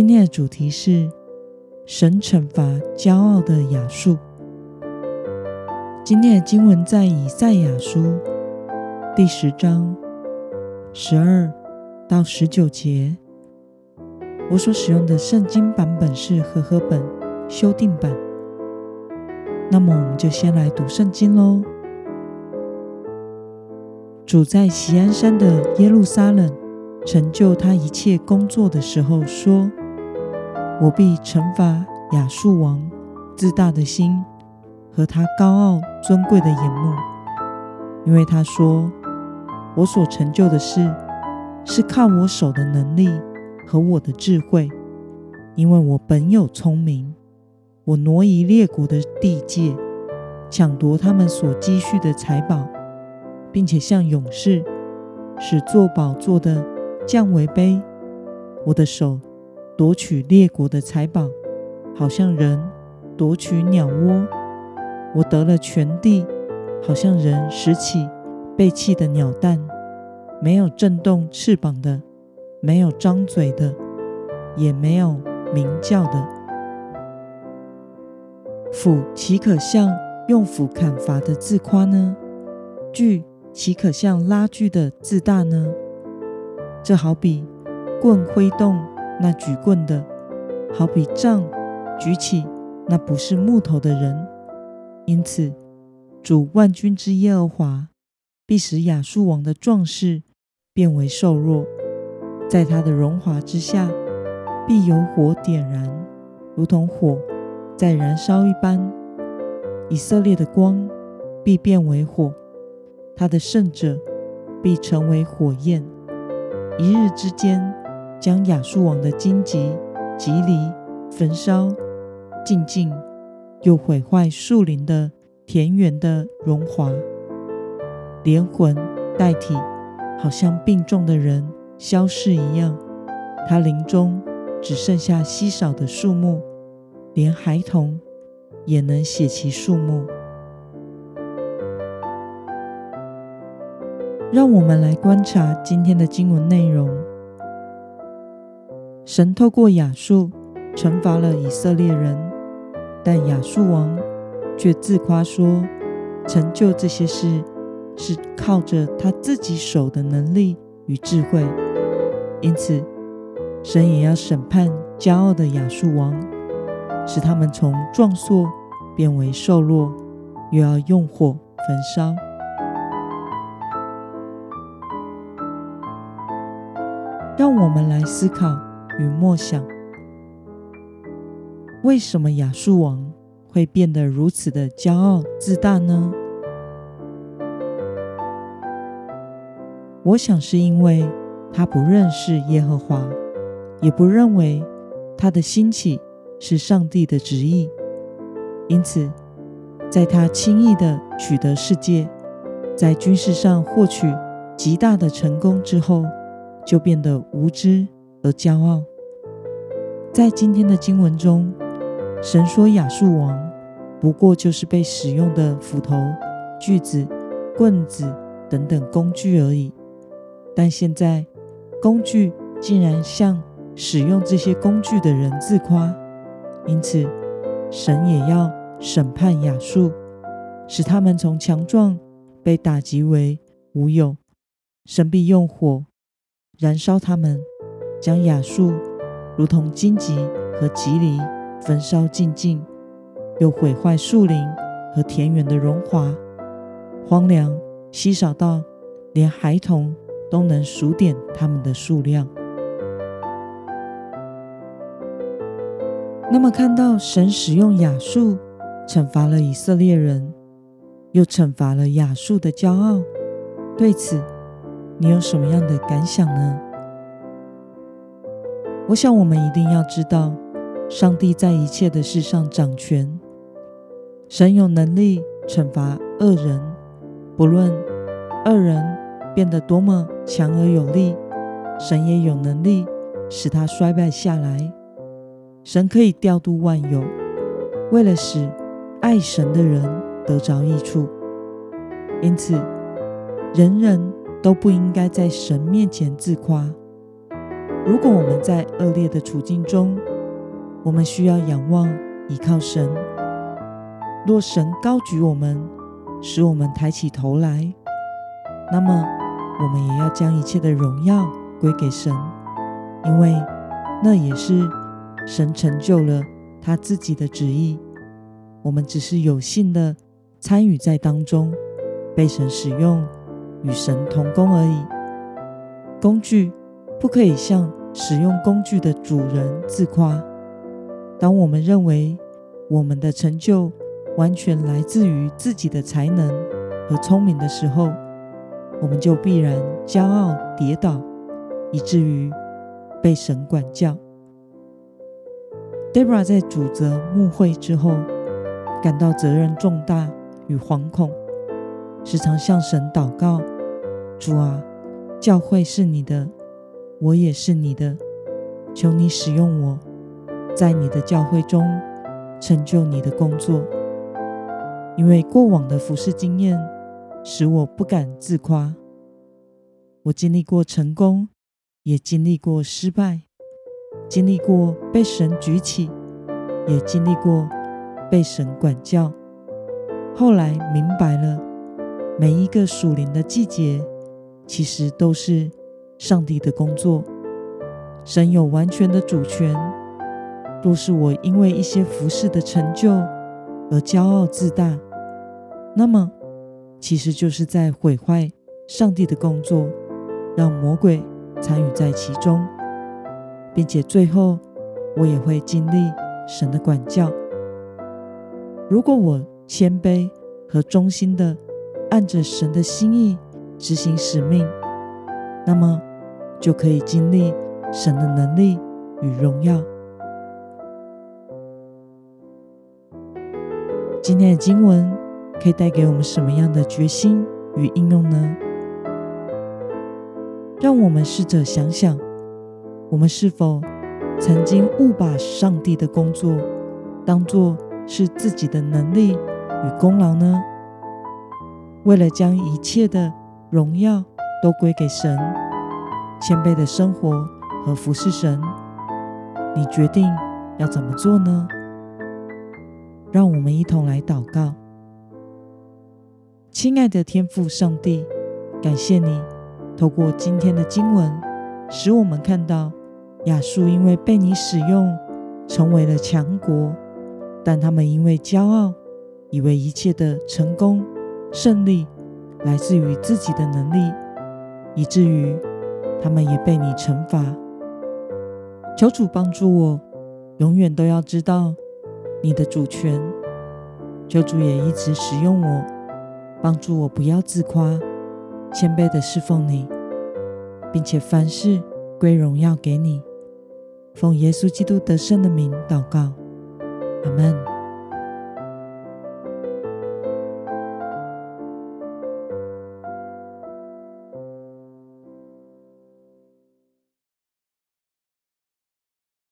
今天的主題是神懲罰驕傲的亞述。今天的經文在以賽亞書第十章十二到十九節。我所使用的聖經版本是和合本修訂版。那麼我們就先來讀聖經嘍。主在錫安山的耶路撒冷成就他一切工作的時候說。我必懲罰亞述王自大的心和他高傲尊貴的眼目，因為他說：“我所成就的事是靠我手的能力和我的智慧，因為我本有聰明。我挪移列國的地界，搶奪他們所積蓄的財寶，並且像勇士，使坐寶座的降為卑。我的手。”奪取列國的財寶，好像人奪取鳥窩；我得了全地，好像人拾起被棄的鳥蛋。沒有振動翅膀的，沒有張嘴的，也沒有鳴叫的。斧豈可向用斧砍伐的自誇呢？鋸豈可向拉鋸的自大呢？這好比棍揮動。那舉棍的，好比杖舉起，那不是木頭的人。因此主萬軍之耶和華必使亞述王的壯士變為瘦弱，在他的榮華之下必有火點燃，如同火在燃燒一般。以色列的光必變為火，他的聖者必成為火焰，一日之間。將亞述王的荊棘、蒺藜焚燒淨盡，又毀壞樹林的田園的榮華，連魂帶體，好像病重的人消逝一樣。他林中只剩下稀少的樹木，連孩童也能寫其數目。讓我們來觀察今天的經文內容。神透過亞述懲罰了以色列人，但亞述王卻自誇說，成就這些事是靠着他自己手的能力與智慧。因此，神也要審判驕傲的亞述王，使他們從壯碩變為瘦弱，又要用火焚燒。讓我們來思考。與默想，為什麼亞述王會變得如此的驕傲自大呢？我想是因為他不認識耶和華，也不認為他的興起是上帝的旨意。因此，在他輕易的取得世界，在軍事上獲取極大的成功之後，就變得無知。而驕傲，在今天的經文中，神說亞述王不過就是被使用的斧頭、鋸子、棍子等等工具而已。但現在，工具竟然向使用這些工具的人自誇，因此神也要審判亞述，使他們從強壯被打擊為無有。神必用火燃燒他們。將亞述如同荊棘和蒺藜焚燒淨盡，又毀壞樹林和田園的榮華，荒涼稀少到連孩童都能數點他們的數量。那麼，看到神使用亞述懲罰了以色列人，又懲罰了亞述的驕傲，對此你有什麼樣的感想呢？我想，我們一定要知道，上帝在一切的事上掌權，神有能力懲罰惡人，不論惡人變得多麼強而有力，神也有能力使他衰敗下來。神可以調度萬有，為了使愛神的人得着益處，因此人人都不應該在神面前自誇。如果我們在惡劣的處境中，我們需要仰望、依靠神。若神高舉我們，使我們抬起頭來，那麼我們也要將一切的榮耀歸給神，因為那也是神成就了他自己的旨意。我們只是有幸的參與在當中，被神使用，與神同工而已。工具不可以向使用工具的主人自誇。當我們認為我們的成就完全來自於自己的才能和聰明的時候，我們就必然驕傲跌倒，以至於被神管教。Deborah 在主責牧會之後，感到責任重大與惶恐，時常向神禱告：“主啊，教會是你的。”我也是你的，求你使用我，在你的教會中成就你的工作。因為過往的服事經驗，使我不敢自誇。我經歷過成功，也經歷過失敗；經歷過被神舉起，也經歷過被神管教。後來明白了，每一個屬靈的季節，其實都是，上帝的工作，神有完全的主權。若是我因為一些服事的成就而驕傲自大，那麼其實就是在毀壞上帝的工作，讓魔鬼參與在其中，並且最後我也會經歷神的管教。如果我謙卑和忠心的按着神的心意執行使命，那麼。就可以經歷神的能力與榮耀。今天的經文可以帶給我們什麼樣的決心與應用呢？讓我們試着想想，我們是否曾經誤把上帝的工作當作是自己的能力與功勞呢？為了將一切的榮耀都歸給神，謙卑的生活和服侍神，你決定要怎麼做呢？讓我們一同來禱告，親愛的天父上帝，感謝你透過今天的經文，使我們看到亞述因為被你使用，成為了強國，但他們因為驕傲，以為一切的成功勝利來自於自己的能力，以至於。他們也被你懲罰。求主幫助我，永遠都要知道你的主權。求主也一直使用我，幫助我不要自誇，謙卑的侍奉你，並且凡事歸榮耀給你。奉耶穌基督得勝的名禱告，阿門。